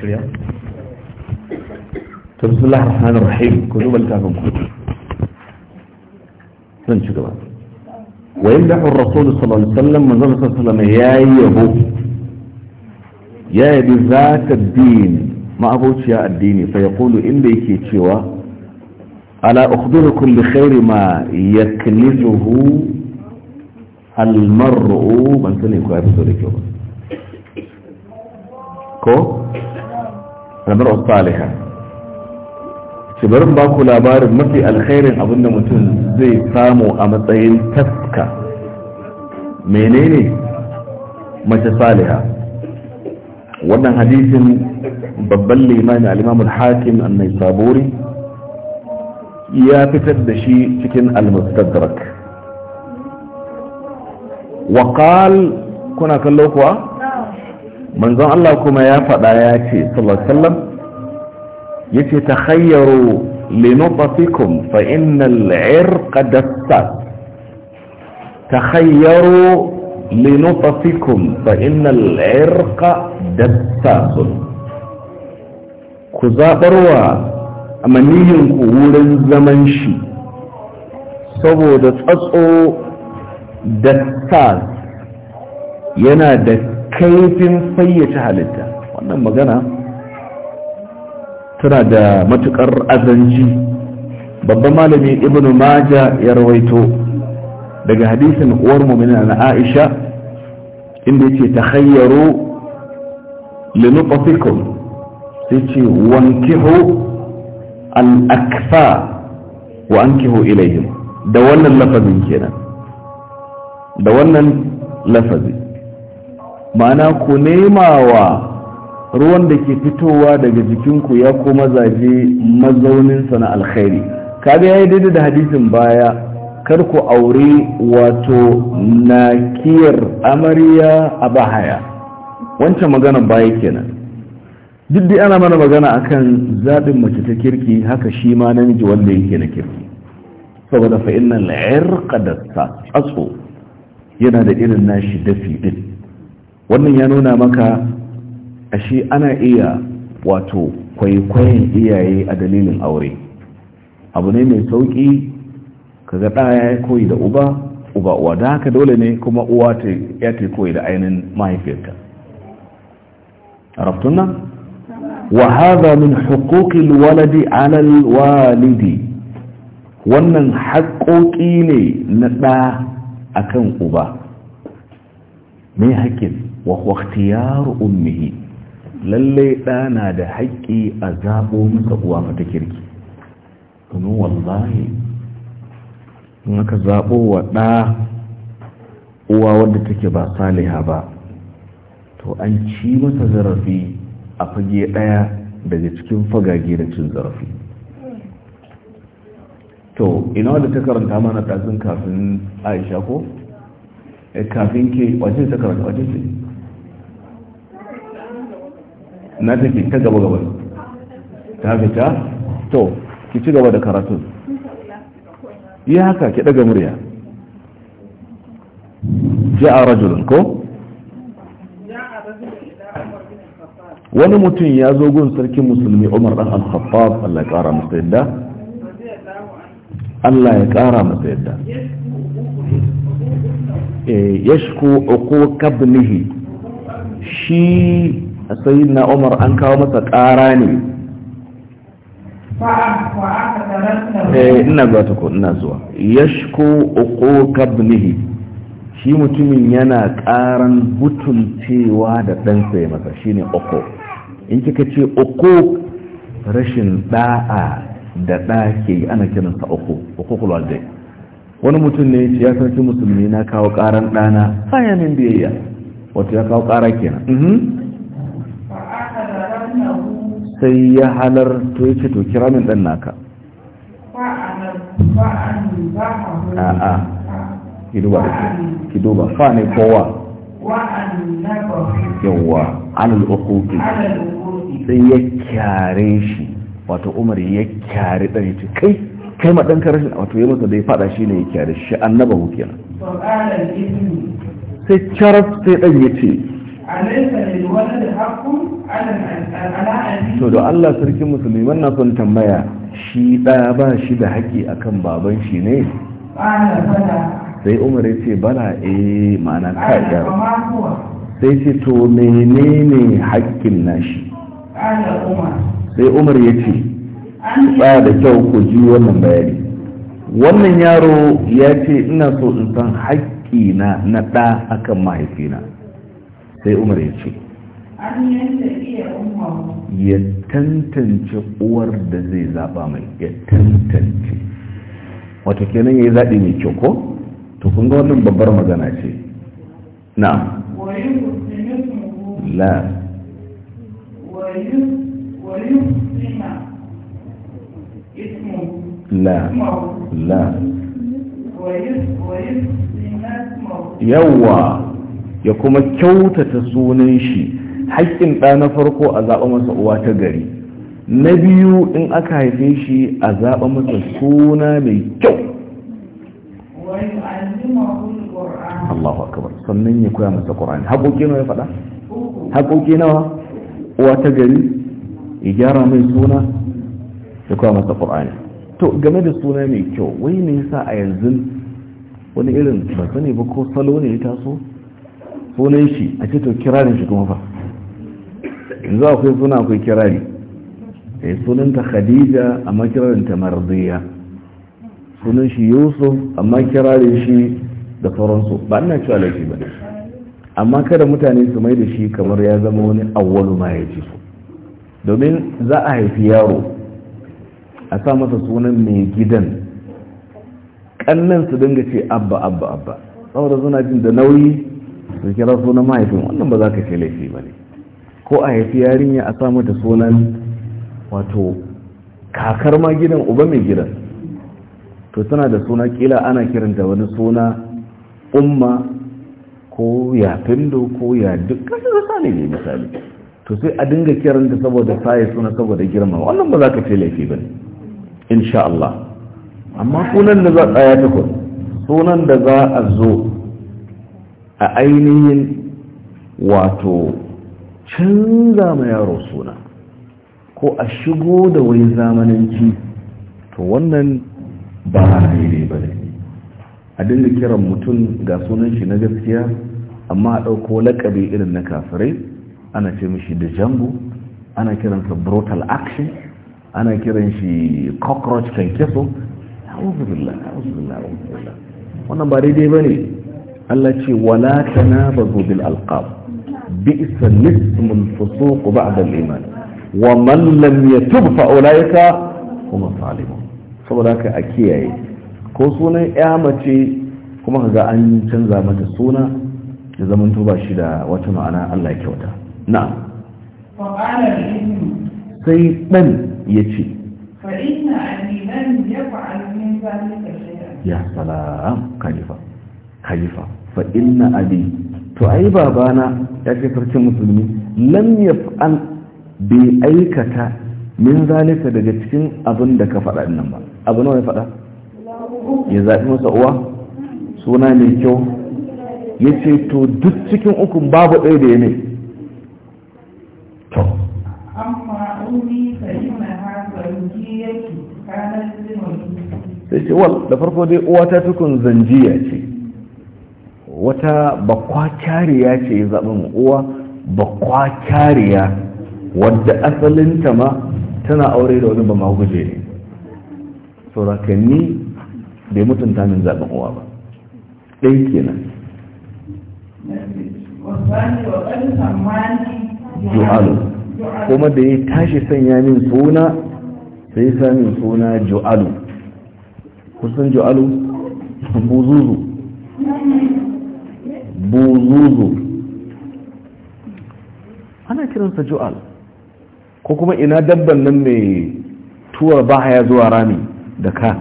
shirya to bismillah rahman rahim ku duba littafin ku zan ci gaba wa yin da'un rasulu sallallahu alaihi manzon sallallahu alaihi wasallam ya yabo ya yabi zata din ma'abociya addini fa yaqulu inda yake cewa ala ukhbirukum bi khairi ma yaknizuhu al ban sani ko ya fito da kyau ko almar'u salihah ce bari ba ku labarin mafi alkhairin abin da mutum zai samu a matsayin taska menene mace salih wannan hadisin babban limani al-imam al-hakim ya fitar da shi cikin al-mustadrak wa qal kuna kallo kuwa manzon Allah kuma ya faɗa ya ce sallallahu alaihi wasallam yace takhayyaru linutfikum fa innal irqa dassas takhayyaru linutfikum fa innal irqa dassas ku zaɓarwa amaniyin ku wurin zaman shi saboda tsatso dassas yana da kaifin fayyace halitta wannan magana tana da matukar azanci babban malami ibn maja ya rawaito daga hadisin uwar mu'minin na aisha inda ta takhayyaru linqatikum sai ce wankihu al-akfa wa ankihu ilayhim da wannan lafazin kenan da wannan lafazi ma'ana ku nema wa ruwan da ke fitowa daga jikinku ya koma zaje mazauninsa na alkhairi kaga ya daidai da hadisin baya kar ku aure wato nakiyar amarya a bahaya wancan magana baya kenan duk da ana mana magana akan zaɓin mace ta kirki haka shi ma namiji wanda yake na kirki saboda fa inna al'irqa da tsatso yana da irin nashi dafi din wannan ya nuna maka ashe ana iya wato kwaikwayon iyaye a dalilin aure abu ne mai sauƙi kaga ɗaya ya koyi da uba uba uwa da haka dole ne kuma uwa ta ya ta koyi da ainihin mahaifiyarta raftun nan wa haza min huquqil waladi alal walidi wannan haƙoƙi ne na ɗa akan uba mai haƙƙin wa kwaktiyar ummihi lallai ɗa na da haƙƙi a zaɓo masa uwa mata kirki domin wallahi in aka zaɓo wa ɗa uwa wadda take ba saliha ba to an ci masa zarafi a fage ɗaya daga cikin fagage da cin zarafi to ina wadda ta karanta mana ɗazin kafin aisha ko eh, kafin ke wajen ta karanta wajen ce na tafi ta gaba gaba ta fita to ki ci gaba da karatu yi haka ki daga murya ja'a rajulun ko wani mutum ya zo gun sarkin musulmi umar dan al-khattab Allah ya kara masa yadda Allah ya kara masa yadda eh, yashku uquq ibnihi shi a sayin na umar an kawo masa ƙara ne eh, ina zuwa ta ina zuwa ya shiko uku kabnihi shi mutumin yana ƙaran cewa da ɗansa ya masa shi ne uku in kika ce uku rashin ɗa'a da ɗa ke ana kiransa uku uku kulwalde wani mutum ne ya musulmi na kawo ƙaran ɗana bayanin biyayya wato ya kawo ƙara kenan mhm. sai ya halar to ya ce to kira min dan naka a'a ki duba ki duba fa ne kowa yawwa alal ukuki sai ya kyare shi wato umar ya kyare dan ya ce kai kai ma dan karashin wato ya masa da ya faɗa shi ne ya kyare shi annaba kenan sai caraf sai dan ya ce alaisa ne wani da to da Allah sarkin musulmi wannan son tambaya shi da ba shi da haƙi akan baban shi ne sai umar ya ce bala eh ma'ana kaɗa sai ce to menene haƙƙin nashi sai umar ya ce ba da kyau ku ji wannan bayani wannan yaro ya ce ina so in san haƙƙina na ɗa akan mahaifina sai umar ya ce ya tantance uwar da zai zaba mai ya tantance wata kenan ya yi zaɓi mai kyau ko to kun ga wannan babbar magana ce na la la la ya kuma kyautata sunan shi haƙƙin ɗa na farko a zaɓa masa uwa ta gari na biyu in aka haife shi a zaɓa masa suna mai kyau Allahu akbar sannan ya koya masa ƙorani haƙoƙi nawa ya faɗa haƙoƙi nawa uwa ta gari ya gyara mai suna ya koya masa ƙorani to game da suna mai kyau wai me yasa a yanzu wani irin ba sani ba ko salo ne ya taso sunan shi a ce to kirarin shi kuma fa yanzu akwai suna akwai kirari yi eh, sunanta khadija a makirarinta marziya sunan shi yusuf amma kirarin shi da sauransu ba na cewa laifi ba amma kada mutane su mai da shi kamar ya zama wani awwalu ma ya ce su domin za a haifi yaro a sa masa sunan mai gidan kannan su dinga ce abba abba abba saboda suna jin da nauyi su kira sunan mahaifin wannan ba za ka ce laifi ba ne ko a haifi yarinya a samu mata sunan wato kakar ma gidan uba mai gidan to tana da suna kila ana kiranta wani suna umma ko ya ko ya duk kasu da ne misali to sai a dinga kiranta saboda saye suna saboda girma wannan ba za ka ce laifi ba ne insha Allah amma sunan da za a tsaya ta sunan da za a zo a ainihin wato canza ma yaro suna ko a shigo da wani zamananci to wannan ba daidai ba ne a dinga kiran mutum ga sunan shi na gaskiya amma a ɗauko laƙabi irin na kafirai ana ce mishi da jambu ana kiransa brutal action ana kiran shi cockroach kankeso wannan ba daidai ba ne Allah ce wala na ba bil alqab بئس الاسم الفسوق بعد الإيمان ومن لم يتب فأولئك هم الظالمون a أكيئي ko sunan ya mace kuma ga an canza mata suna da zaman tuba shi da wata ma'ana Allah ya kyauta na sai ɗan ya ce ya salam khalifa khalifa fa inna abi to ai babana ya ce farcen musulmi lam yaf'al bai aikata min zalika daga cikin abin da ka faɗa nan ba abu nawa ya faɗa ya zaɓi masa uwa suna mai kyau ya ce to duk cikin uku babu ɗaya da ya ne to sai ce wal da farko dai uwa ta tukun zanjiya ce wata bakwa kyariya ce yi zaɓin uwa uwa bakwakariya wadda asalinta ma tana aure da wani ba ma guje ne saurakanni bai mutunta min zaɓin uwa ba ɗaya kenan ju'alu kuma da ya tashi sanya min suna sai ya sami suna ju'alu kusan ju'alu buzuzu buzuzu ana kiransa ju'al ko kuma ina dabban nan mai tuwar bahaya zuwa rami da ka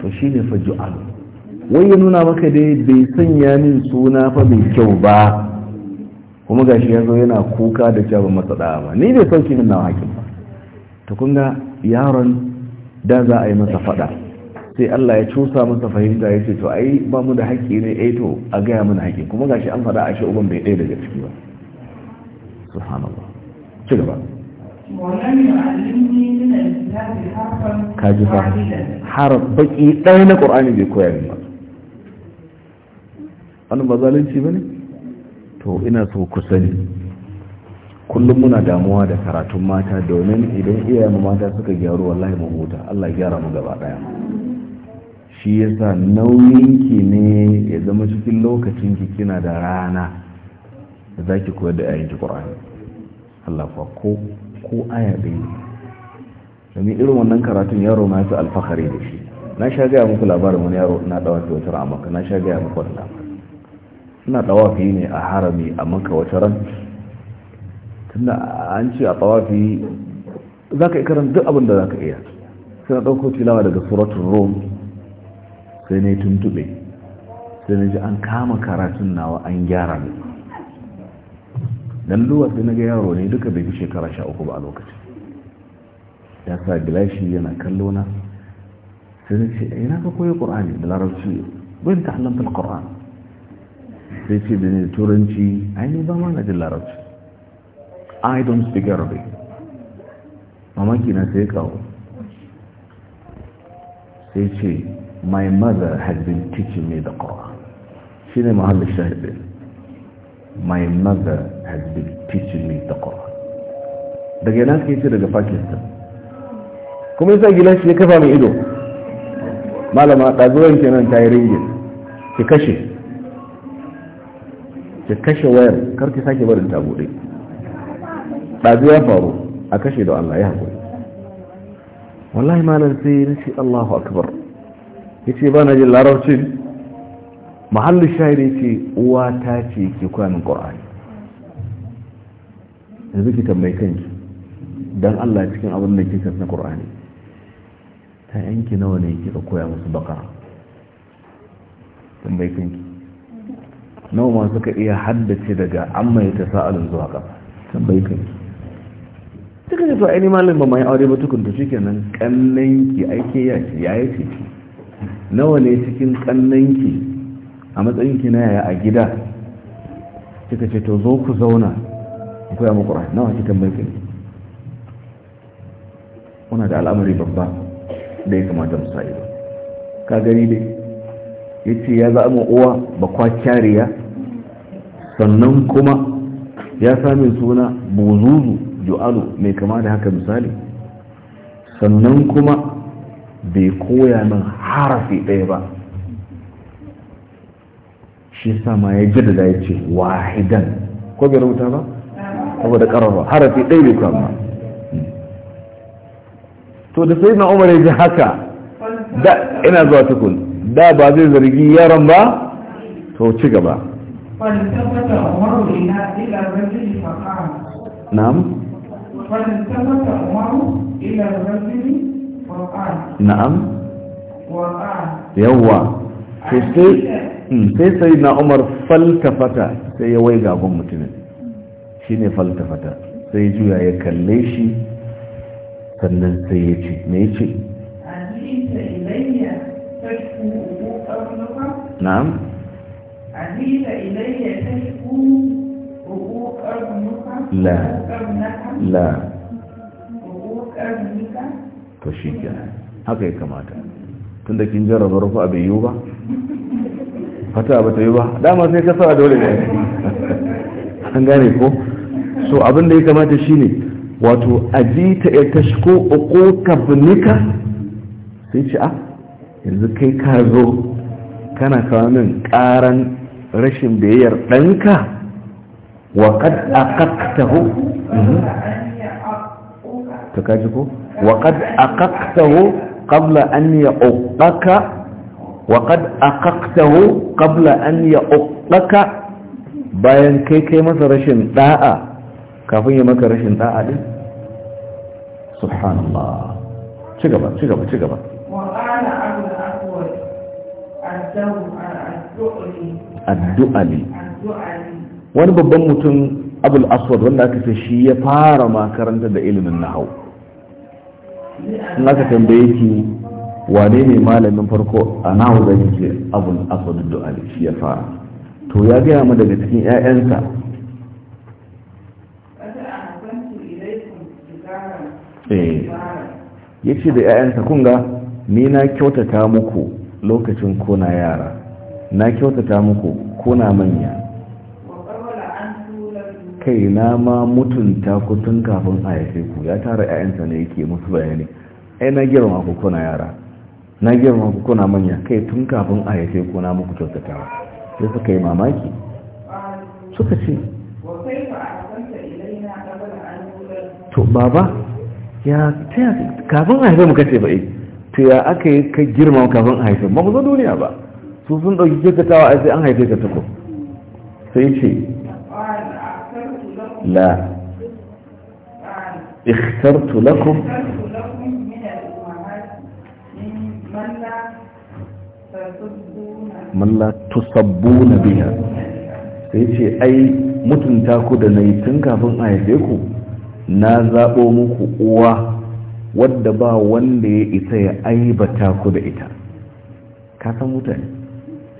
to shi ne fa ju'al wai ya nuna maka dai bai sanya min suna fa mai kyau ba kuma gashi ya zo yana kuka da cewa masa da'a ba ni ne sauki min na hakin ba to kun yaron da za a yi masa faɗa. sai Allah ya cusa masa fahimta ya ce to ai ba mu da haƙƙi ne eh to a gaya mana haƙƙi kuma gashi an faɗa a shi uban bai ɗaya daga ciki ba subhanallah ci gaba kaji har baki ɗaya na ƙur'ani bai koya min ba wannan ba zalunci ba to ina so ku sani kullum muna damuwa da karatun mata domin idan iyayen mata suka gyaru wallahi mu huta Allah ya gyara mu gaba ɗaya shi ya yasa nauyinki ne ya zama cikin lokacinki kina da rana da za ki koyar da ayin ki Allah fa ko ko aya ɗaya domin irin wannan karatun yaro na su alfahari da shi na sha gaya muku labarin wani yaro na ɗawa fi wata ran maka na sha gaya muku wani labarin suna ɗawa fi ne a harami a maka wata ran tunda an ce a ɗawa fi za ka yi karan duk abin da za ka iya suna ɗauko tilawa daga suratun rome sai ne tuntube sai na ji an kama karatun nawa an gyara ne dan duwa sai na ga yaro ne duka bai fi shekara sha uku ba a lokacin ya sa gilashi yana kallo na sai na ce ina ka koyi qur'ani da larabci bin ta'allamta al-qur'an sai ce da ne turanci ai ni ba ma na jin larabci i don't speak arabic mamaki na sai kawo sai ce my mother had been teaching me the Quran shi ne mahallin shahidin my mother had been teaching me the Quran daga yana suka yi daga pakistan kuma yasa gilan shi ya kafa mai ido malama ɗazuwan kenan ta yi ringin ki kashe ki kashe wayar karki sake barin ta buɗe ɗazu ya faru a kashe da Allah ya haƙuri wallahi malar sai na shi Allahu akbar ya ce ba na jin larabcin mahallin shahiri ce uwa ta ce ke kwanin ƙorani yanzu ki tambayi kanki don allah cikin abin da kika na ƙorani ta yanki nawa ne kika koya musu baka tambayi kanki nawa ma suka iya haddace daga an mai ta sa'alin zuwa ka tambayi kanki suka ce to ainihin malin ba mai aure ba tukunta shi kenan kannan ki aike ya ce ya yi ce nawa ne cikin kannanki a matsayinki na yaya a gida kika ce to zo ku zauna ku koya mu qur'ani nawa kika mai ne? kuna da al'amari babba da ya kamata mu sa'i ba ka gani dai yace ya zama uwa ba kwa kyariya sannan kuma ya sami suna buzuzu ju'alu mai kama da haka misali sannan kuma bai koya min harafi ɗaya ba shi sama ya jaddada ya ce wahidan ko bai rubuta ba saboda ƙararwa harafi ɗaya bai koya to da sai na umar ya ji haka da ina zuwa tukun da ba zai zargi yaron ba to ci gaba na'am فالتفت عمر إلى الرجل na'am yawwa sai sai hmm, na umar faltafata sai ya wai gaban mutumin shi ne faltafata sai juya ya kalle shi sannan sai ya ce mai ce na'am لا to shi kenan haka ya kamata tun da kin jarraba rufu bai yiwu ba fata ba ta yi ba dama sai ka sa dole ne an gane ko so abin da ya kamata shine wato ajita ya tashko uku kabnika sai ce a ah, yanzu kai ka zo kana kawo min karan rashin biyayyar ɗanka wa kad aqaqtahu mhm. to kaji ko وقد أققته قبل أن يؤقك وقد أققته قبل أن يؤقك bayan kai kai masa rashin da'a kafin ya maka rashin da'a din subhanallah ci gaba ci gaba ci gaba addu'ali wani babban mutum abul aswad wanda aka ce shi ya fara makaranta da ilimin nahau in aka tambaye ki wane ne malamin farko a nahu da ke abun asadu du'a shi ya fara to ya gaya mu daga cikin 'ya'yansa eh. ya ce da 'ya'yansa kun ga ni na kyautata muku lokacin kona yara na kyautata muku kona manya kai na ma mutunta ku tun kafin a haife ku ya tara ƴaƴansa ne yake musu bayani ai na girma ku kuna yara na girma ku kuna manya kai tun kafin a haife ku na muku kyautatawa sai suka yi mamaki suka ce to baba ya taya kafin a haife mu kace ba eh to ya aka yi ka girma kafin a haife ba ku zo duniya ba su sun ɗauki kyautatawa a sai an haife ka tuku sai ce لا اخترت لكم من لا تصبون بها sai ce ai mutunta ku da na yi tun kafin a haife ku na zaɓo muku uwa wadda ba wanda ya isa ya aibata ku da ita ka san mutane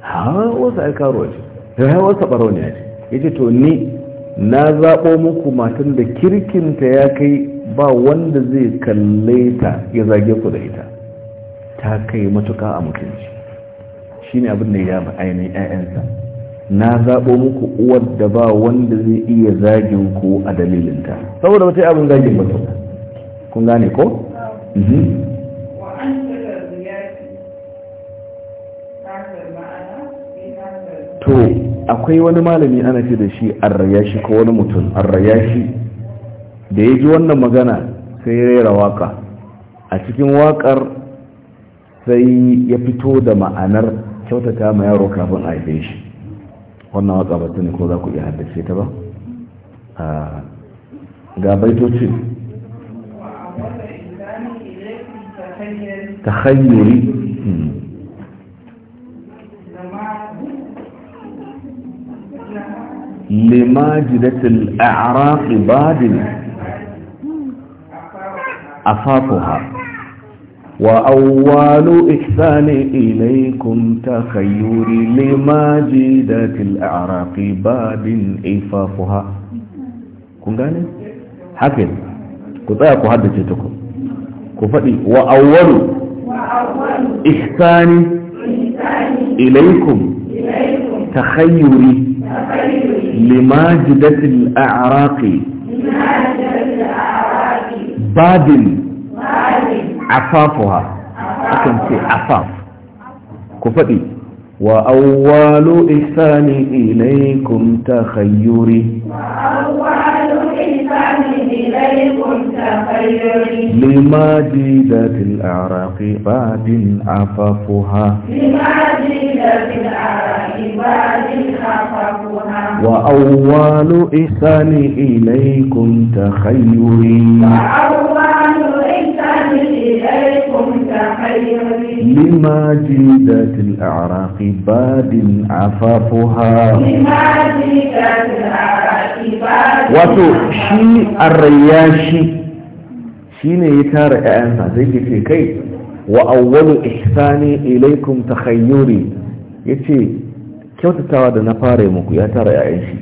ha wasu ai karuwa ce ta hawa wasu ɓarau ne ya ce to ni na zaɓo muku matan da kirkinta ya kai ba wanda zai kalle ta ya zage ku da ita ta kai matuka a mutunci shi ne abin da ya ba ainihin 'ya'yansa na zaɓo muku uwar da ba wanda zai iya zagin ku a dalilinta saboda yi abin zagin ba kun gane ko? Mhm. to akwai wani malami ana ce da shi arrayashi ko wani mutum arrayashi da ya ji wannan magana sai ya rera waka a cikin wakar sai ya fito da ma'anar kyautata ma yaro kafin a haife shi wannan waka ba ne ko za ku iya haddace ta ba ga baitoci ta hanyoyi. Hmm. لماجدة الأعراق بادل أفاقها وأول إحسان إليكم تخير لماجدة الأعراق باب إفافها كن قال حكي كتايا كهدد جيتكم كفتي وأول إحسان إليكم تخيري لماجدة الأعراق باد عفافها أكن في عفاف كفتي وأول إحسان إليكم تخيري وأول إحسان إليكم تخيري لماجدة الأعراق باد عفافها لماجدة الأعراق باد وأول إحسان إليكم تخيري وأول إحسان إليكم تخيري لما جيدت الأعراق باد عفافها لما جيدت الأعراق باد واتو شيء الرياشي شيني يتارع أنت زيك في كيف وأول إحسان إليكم تخيري يتي kyautatawa da na fara muku ya tara yayan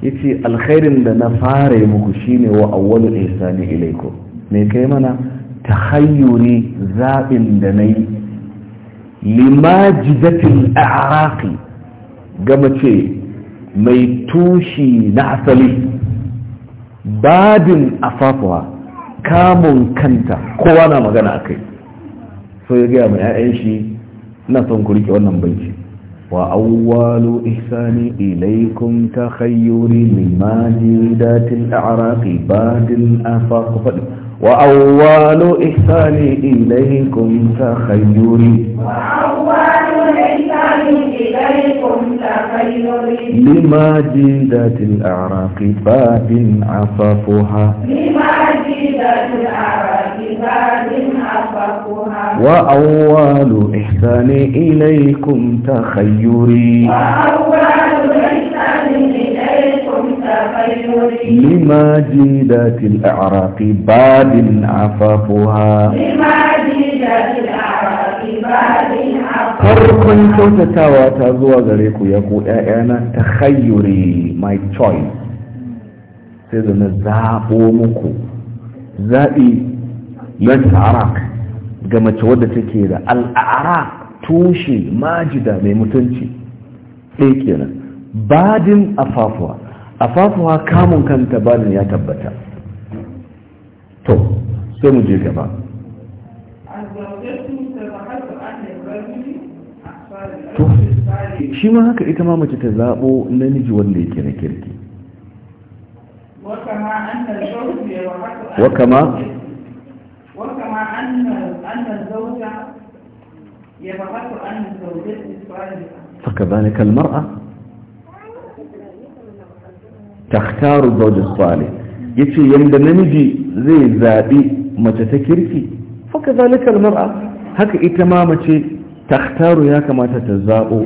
shi ce alkhairin da na fara muku shine wa awwalu ihsani ilaikum me kai mana ta tahayyuri zaɓin da na yi. nayi limajidatil a'raqi gama ce mai tushi na asali badin afafuwa kamun kanta kowa na magana a kai. so ya gaya mai 'ya'yan shi ina son ku rike wannan banki وأول إحسان إليكم تخير لماجدات الأعراق بعد الأفاق وأول إحسان إليكم تخير وأول إحسان إليكم تخير لماجدات الأعراق بعد عصفها لما وأول إحسان إليكم تخيري وأول إحسان إليكم تخيري لما جيدات الأعراق بعد عفافها لما جيدت الأعراق باد farkon kyautatawa ta أنا تخيري my choice سيدنا da مكو zaɓo lati arak ga mace wadda take da al'ara tushe majida mai mutunci ɗaya kenan badin afafuwa afafuwa kamun kanta badin ya tabbata to sai mu je gaba to shi ma haka ita ma mace ta zaɓo namiji wanda yake na kirki wakama مع أن أن الزوجة فكذلك المرأة. تختار الزوج الصالح يتشي يندم نجي زي زادي متتكرتي فكذلك المرأة هك إتمامتي تختار يا كما تتزاو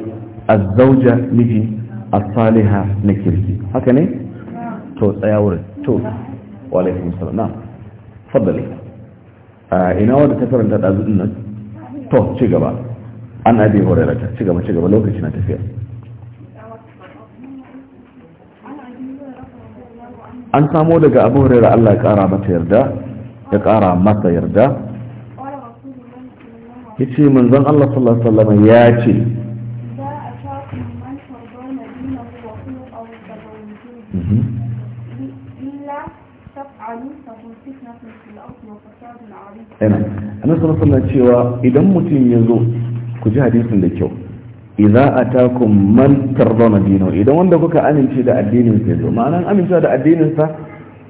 الزوجة نجي الصالحة نكرتي هكا نعم تو سيورد تو وعليكم السلام نعم فضلي ina wanda ta faranta ɗazu ɗin nan to ci gaba an abi horarata ci gaba ci gaba lokaci na tafiya an samo daga abu hurairar Allah ya kara mata yarda ya kara masa yarda ya ce manzon Allah sallallahu alaihi wasallam ya ce Mm-hmm. yana annabi sallallahu cewa idan mutum ya zo ku ji hadisin da kyau idza atakum man tardona dinu idan wanda kuka amince da addinin sa zo ma'ana amincewa da addinin sa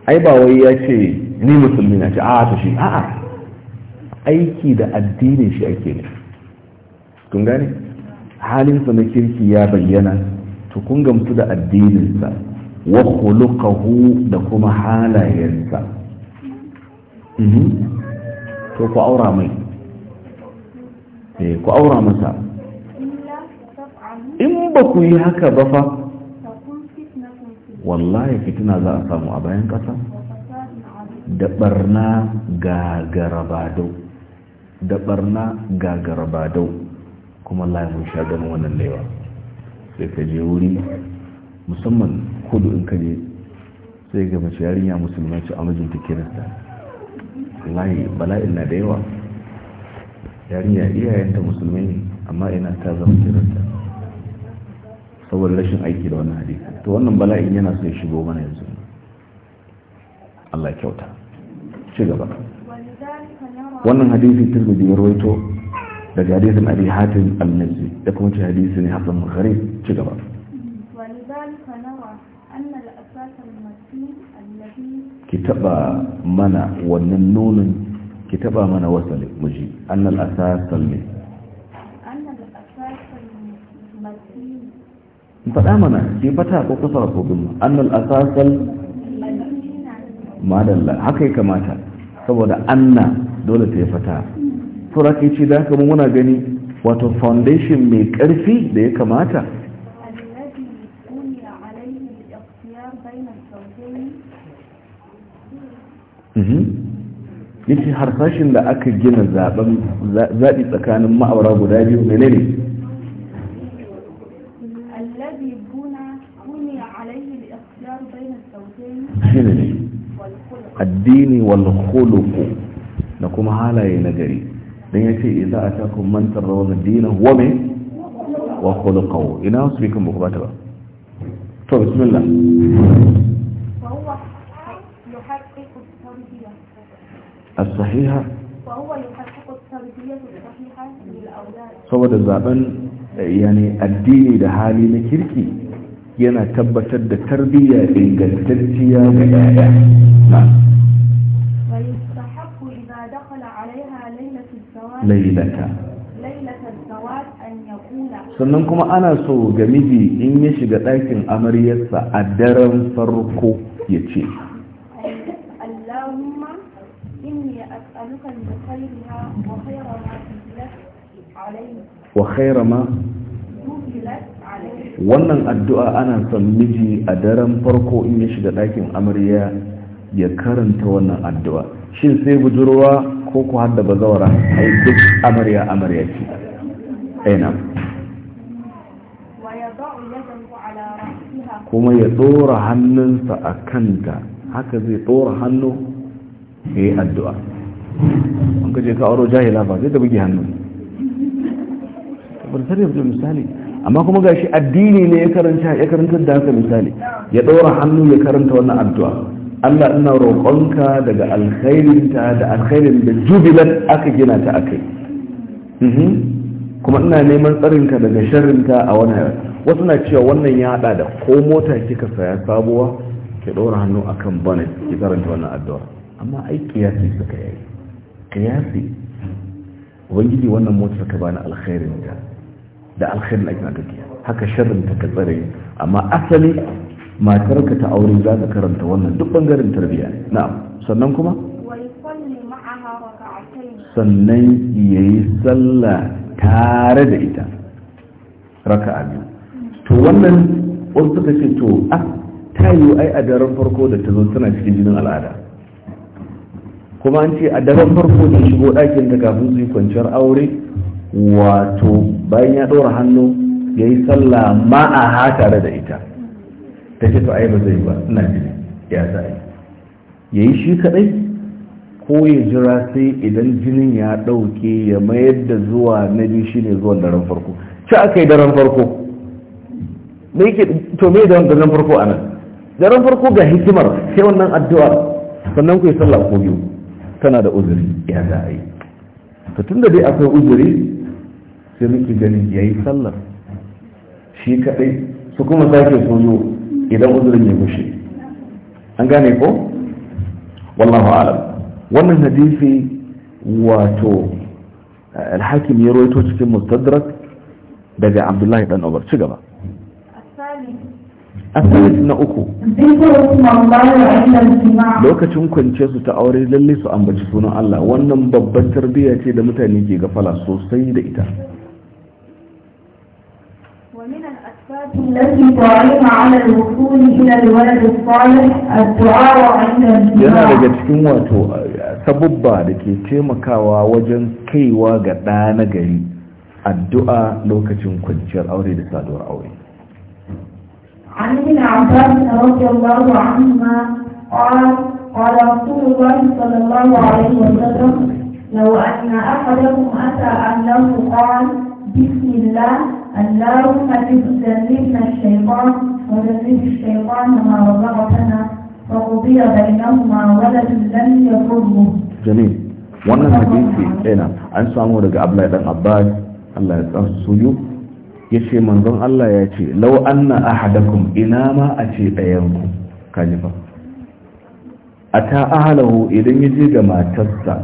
ai ba wai ya ce ni musulmi na ce a to shi a'a aiki da addinin shi ake ne kun gane halin sa na kirki ya bayyana to kun gamsu da addinin sa wa khuluquhu da kuma halayensa mhm. to ku aura mai eh, ku aura masa in ba ku yi haka ba fa wallahi fitina za a samu a bayan kasa da barna gagarabadau da barna gagarabadau kuma Allah mun sha ganin wannan da sai ka je wuri musamman kudu in ka je sai ga mace yarinya musulmanci a mijinta kirista wallahi bala'in na da yawa yarinya iyayenta musulmai ne amma ina ta zama kiranta saboda rashin aiki da wannan hadisi to wannan bala'in yana so ya shigo mana yanzu Allah kyauta ci gaba wannan hadisi turmudi ya rawaito daga hadisin abi hatim al-nazi da kuma ci hadisi ne hasan gharib ci gaba ki taba mana wannan nunin ki taba mana wasali muji annal asasal ne faɗa mana ki fata ko kusa ko bin annal asasal madalla haka ya kamata saboda anna dole ta yi fata sura ke ce da haka muna gani wato foundation mai ƙarfi da ya kamata Mhm. yace harsashin da aka gina zaben zaɓi tsakanin ma'aura guda biyu menene addini wal da kuma halaye na gari don ya ce dan yace idza atakum man tarawna dinahu wa min wa khuluquhu ina su yi kan ta ba to bismillah الصحيحة فهو يحقق التربية الصحيحة للأولاد saboda zaben يعني addini da hali na kirki yana tabbatar da tarbiyya ingantacciya ga yaya na lailata sannan kuma ana so ga miji in ya shiga ɗakin amaryarsa a daren farko ya ce وخير ما wannan addu'a ana son miji a daren farko in ya shiga ɗakin amarya ya karanta wannan addu'a shin sai budurwa ko ku hadda bazawara yi duk amarya amarya ce aina eh, kuma ya tsora hannunsa a kanta haka zai tsora hannu ya yi addu'a an ka je ka auro jahila ba zai ta buge hannu bar sarrafa misali amma kuma gashi addini ne ya karanta ya karanta da haka misali ya ɗora hannu ya karanta wannan addu'a Allah ina roƙonka daga alkhairin ta da alkhairin da jubilat aka gina ta akai mhm. kuma ina neman tsarinka daga sharrin ta a wannan wasu na cewa wannan ya hada da ko mota kika saya sabuwa ki ɗora hannu akan bane ki karanta wannan addu'a amma aiki ya kiyasi suka yi ka yafe ubangiji wannan motar ka bani alkhairin ta da alkhairin ake mata haka sharrin ta ka tsare amma asali matar ka ta aure za ka karanta wannan duk bangaren tarbiyya na'am sannan kuma sannan yayi sallah tare da ita raka'a biyu to wannan wasu suka ce to a ah, ta yi ai a daren farko da ta zo tana cikin jinin al'ada kuma an ce a daren farko da shigo ɗakin da kafin su yi kwanciyar aure wato bayan ya ɗora hannu ya yi sallah ma ha tare da ita ta ce to ai ba zai ba ina jini ya za ya yi shi kaɗai ko ya jira sai idan jinin ya ɗauke ya mayar da zuwa na biyu shine zuwan daren farko ci aka yi daren farko me yake to me da daren farko anan daren farko ga hikimar sai wannan addu'a sannan ku yi sallah ko biyu tana da uzuri ya za a yi ta tun da dai akwai uzuri sai muke gani ya yi sallar shi kaɗai su kuma sake soyo idan uzurin ya gushe an gane ko wallahu alam wannan hadisi wato alhakim ya rawaito cikin mustadrak daga abdullahi dan umar ci gaba asali na uku lokacin kwanciyarsu su ta aure lalle su ambaci sunan Allah wannan babban tarbiyya ce da mutane ke gafala sosai da ita yana daga cikin wato sabubba da ke taimakawa wajen kaiwa ga ɗa na gari addu'a lokacin kwanciyar aure da saduwar aure عن ابن عباس رضي الله عنهما قال قال رسول الله صلى الله عليه وسلم لو أن أحدكم أتى أهله قال بسم الله اللهم جنبنا الشيطان وجنب الشيطان ما رزقتنا فقضي بينهما ولد لم يضره جميل wannan hadisi ɗaya an samu daga Abdullahi dan Abbas Allah ya tsarsu ya ce manzon Allah ya ce lau anna ahadakum ina ma a ce ɗayanku kalifa a ta ahalahu idan ya je ga matarsa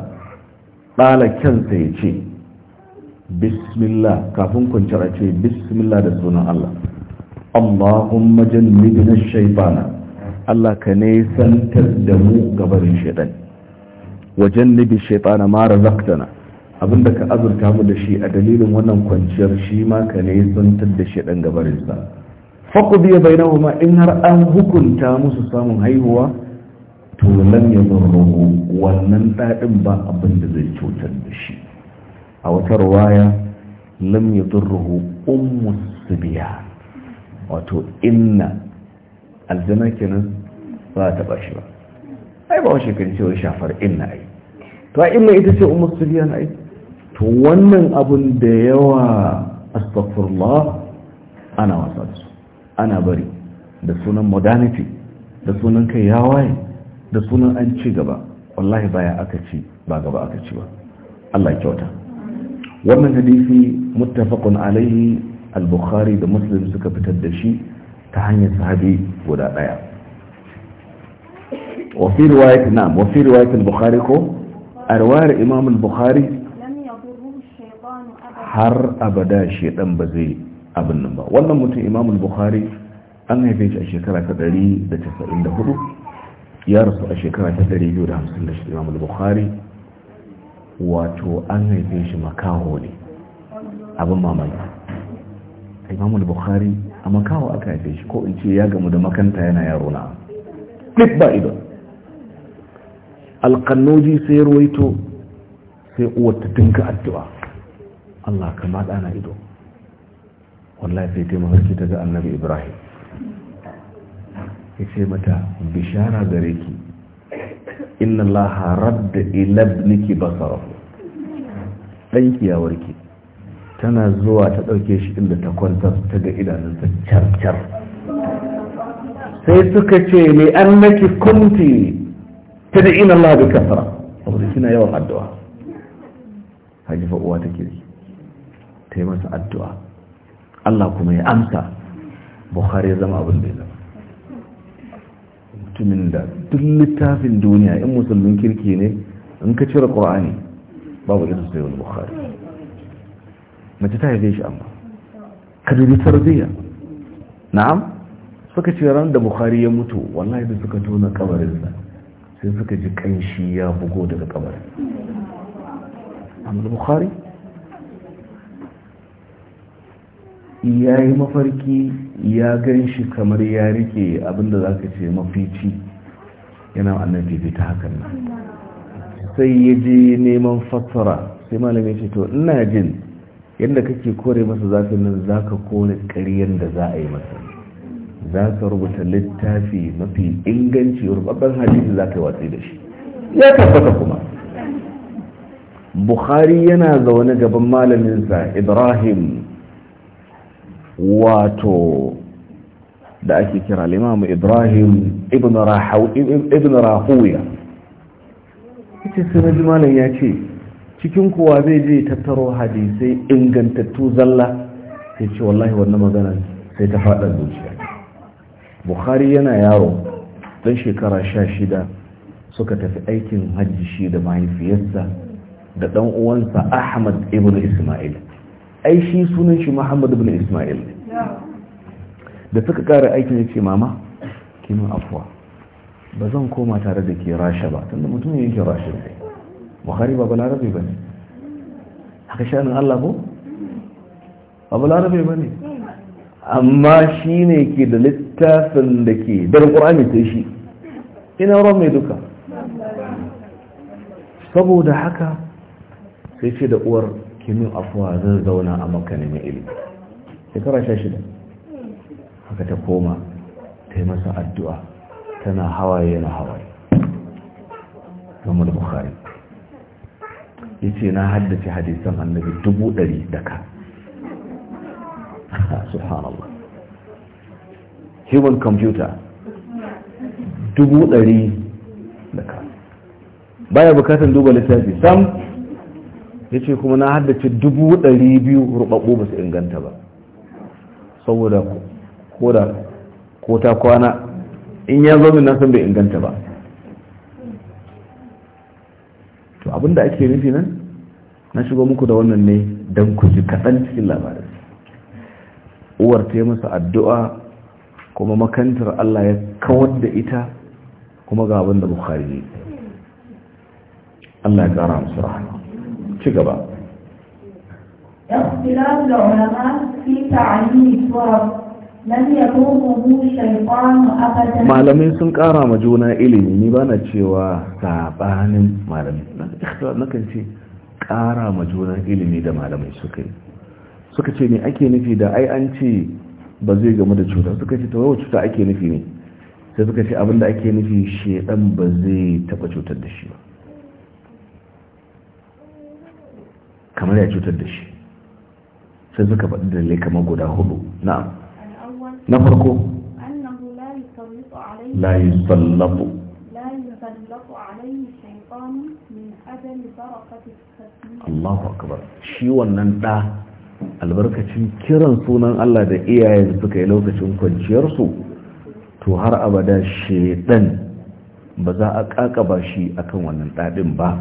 ɗala kyansa ya ce bismillah kafin kwanciyar a ce bismillah da sunan Allah Allahumma jannibna shaytana Allah ka ne santar da mu gabarin shaytan wa jannibi shaytana ma razaqtana abin da ka azurta mu da shi a dalilin wannan kwanciyar shi ma ka ne sun da shi ɗan gabarinsa faƙubiya bai na in har an hukunta musu samun haihuwa to lam ya wannan daɗin ba abin da zai cutar da shi a wata ruwaya lam ya zurruhu ummu biya wato inna aljana kenan ba ta ba shi ba ai ba wa shekaru cewa shafar inna ai to a inna ita ce ummu biya na ai to wannan abun da yawa astaghfirullah ana wasa da su ana bari da sunan modernity da sunan kai ya waye da sunan an ci gaba wallahi baya aka ci ba gaba aka ci ba Allah kyauta wannan hadisi muttafaqun alaihi al-bukhari da muslim suka fitar da shi ta hanyar sahabi guda daya wa fi riwayat na'am wa bukhari ko a riwayar imam al har abada shi dan ba zai abin nan ba wannan mutum imamul bukhari an haife shi a shekara ta 194 ya rasu a shekara ta 256 imamul bukhari wato an haife shi makaho ne abin mamaki imamul bukhari a makaho aka haife shi ko in ce ya gamu da makanta yana yaro na duk ba idon alƙannoji sai ruwaito sai uwar ta dinka addu'a Allah kama ɗana ido wallahi sai ta mafarki ta ga annabi ibrahim ya ce mata bishara gare ki inna laha radda ilabniki basarahu ɗanki ya warke tana zuwa ta ɗauke shi inda ta kwanta ta ga idanunsa car-car sai suka ce ne annaki kunti ta da ina Allah da kasara saboda kina yawan addu'a hajifa uwa take da ta yi masa addu'a Allah kuma ya amsa bukhari ya zama abin da ya zama mutumin da duk littafin duniya in musulmin kirki ne in ka cire ƙwa'ani babu irin sai wani bukhari mace ta haife shi amma ka dubi tarbiyya na'am suka ce ran da bukhari ya mutu wallahi da suka tona kabarinsa sai suka ji kanshi ya bugo daga kabarin amma bukhari ya yi mafarki ya gan shi kamar ya rike abinda za ka ce mafici yana wannan ta hakan nan sai ya je neman fassara sai malamin ce to ina jin yadda kake kore masa zafin nan za ka kore ƙaryen da za a yi masa za ka rubuta littafi mafi inganci rubabban hadisi za ka yi watsi da shi ya tabbata kuma bukhari yana zaune gaban malaminsa ibrahim wato da ake kira limamu ibrahim ibn rahuya ita sai na malam ya ce cikin kowa zai je tattaro hadisai ingantattu zalla ya ce wallahi wannan magana sai ta faɗa zuciya bukhari yana yaro ɗan shekara sha shida suka tafi aikin hajji shi da mahaifiyarsa da ɗan uwansa ahmad ibn ismail ai shi sunan shi Muhammadu bin ismail ne. da suka kara aikin ya ce mama kimin afuwa ba zan koma tare da ke rasha ba tunda mutum ya yake rasha ne buhari ba balarabe ba ne haka shanin allah ko ba balarabe ba ne amma shi ne ke da littafin da ke dar ƙurami ta shi ina ruwan mai duka saboda haka sai ce da uwar kimin afuwa zan zauna a makanin ilimi shekara sha shida haka ta koma ta yi masa addu'a tana hawaye yana hawaye gamar bukari ya ce na haddace hadisan annabi dubu ɗari daka subhanallah human computer dubu ɗari daka baya bukatan duba littafi sam Yace kuma na haddace dubu ɗari biyu ruɓaɓɓu ba su inganta ba saboda koda ko ta kwana in ya zo min na san bai inganta ba to abinda ake nufi nan na shigo muku da wannan ne don ku ji kaɗan cikin labarin uwar ta yi masa addu'a kuma makantar Allah ya kawar da ita kuma ga abin da bukari Allah ya ƙara musu rahama ci gaba malamai sun kara ma juna ilimi ni na cewa saɓanin malamai na kan ce kara ma juna ilimi da malamai suka yi suka ce ne ake nufi da ai an ce ba zai gamu da cuta suka ce wawa cuta ake nufi ne sai suka ce abinda ake nufi shedan ba zai taba cutar da shi ba kamar ya cutar da shi sai suka faɗi dalilai kamar guda hudu na na farko la yusallabu Allahu akbar shi wannan ɗa albarkacin kiran sunan Allah da iyayen suka yi lokacin kwanciyarsu to har abada shaidan ba za a ƙaƙaba shi akan wannan dadin ba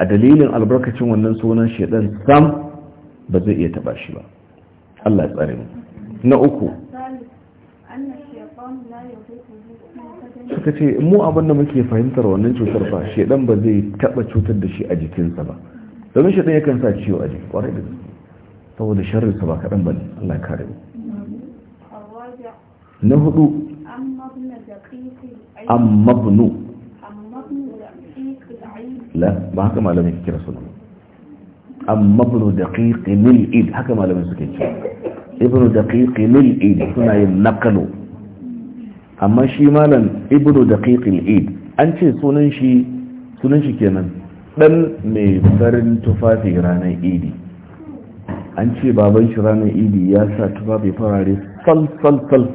a dalilin albarkacin wannan sunan shaidan sam ba zai iya taba shi ba Allah ya tsare mu na uku suka ce mu abin da muke fahimtar wannan cutar ba shaidan ba zai taba cutar da shi a jikinsa ba domin shaidan yakan sa ciwo a jiki kwarai da gaske saboda sharrinsa ba kaɗan ba ne Allah ya kare mu na hudu amma ibnu la ba haka malamai suke kira suna amma ibn daqiq lil id haka malamai suke kira ibn daqiq lil id suna yin nakalo amma shi malam ibn daqiq lil id an ce sunan shi sunan shi kenan dan mai farin tufafi ranar idi an ce baban shi ranar idi ya sa tufafi farare sal sal sal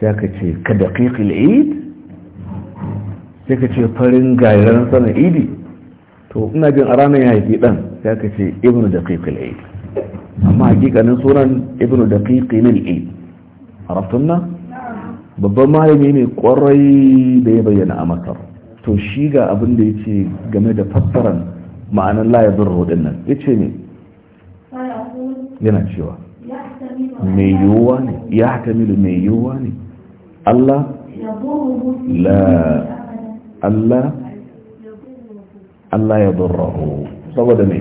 sai ka ce ka daqiq lil id sai ka ce farin gairan sanar idi to ina jin a ranar ya haifi dan sai ka ce ibnu da kikil aid amma hakikanin sunan ibnu da kikil aid arabtun nan babban malami ne kwarai da ya bayyana a masar to shi ga abin da ya ce game da fassaran ma'anar layabin rodin nan ya ce ne yana cewa mai yiwuwa ne ya hatamilu mai yiwuwa ne Allah la Allah Allah ya durrahu saboda ne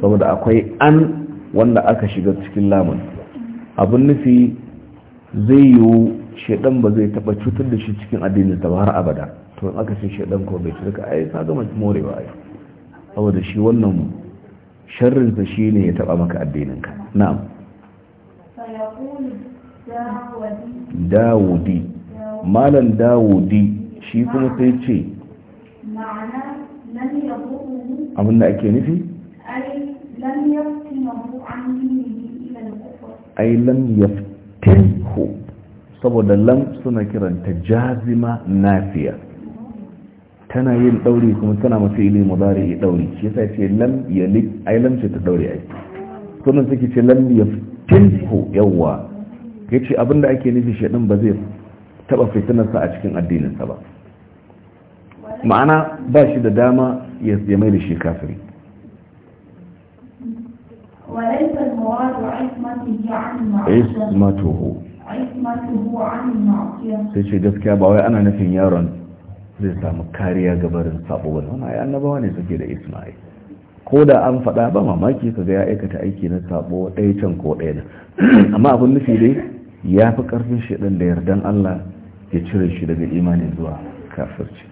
saboda akwai an wanda aka shiga cikin lamun abun nufi zai yiwu shaidan ba zai taba cutar da shi cikin addinin ta har abada to in aka ce shaidan ko bai cutar ai ka gama morewa ai saboda shi wannan sharrin sa shine ya taba maka addinin ka na'am dawudi malam dawudi shi kuma sai ce abinda ake nufi ai lam yaftinhu saboda lam suna kiranta jazima nafiya tana yin ɗauri kuma tana masu ilimin mudari ya ɗauri shi yasa ce lam yalid ai lam ce ta ɗauri ai sunan suke ce lam yawa ya ce abinda ake nufi shedan ba zai taba fitinarsa a cikin addininsa ba ma'ana ba shi da dama ya mai da shi kafiri sai ce gaskiya ba wai ana nufin yaron zai samu kariya gabarin sabo wani. Wani ayi annabawa ne suke da ismail ko da an faɗa ba mamaki ka ga ya aikata aiki na sabo ɗaya can ko ɗaya da amma abin nufi dai ya fi ƙarfin shi da yardan allah ya cire shi daga imanin zuwa kafirci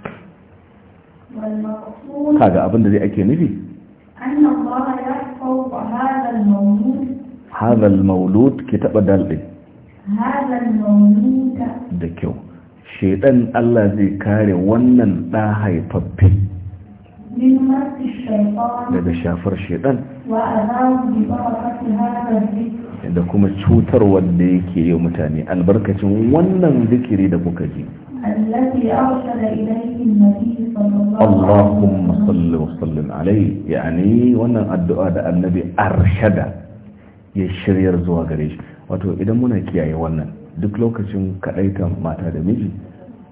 kaga abin da zai ake nufi Hadal maulud ki taɓa dalɗin da kyau shaidan Allah zai kare wannan ɗa haifaffe daga shafar shaidan da kuma cutar wanda yake yi mutane albarkacin wannan zikiri da kuka ji التي أرشد إليه النبي صلى الله عليه وسلم اللهم صل وسلم عليه يعني وانا الدعاء النبي أرشد يشرير زوا غريش wato idan muna kiyaye wannan duk lokacin kaɗaita mata da miji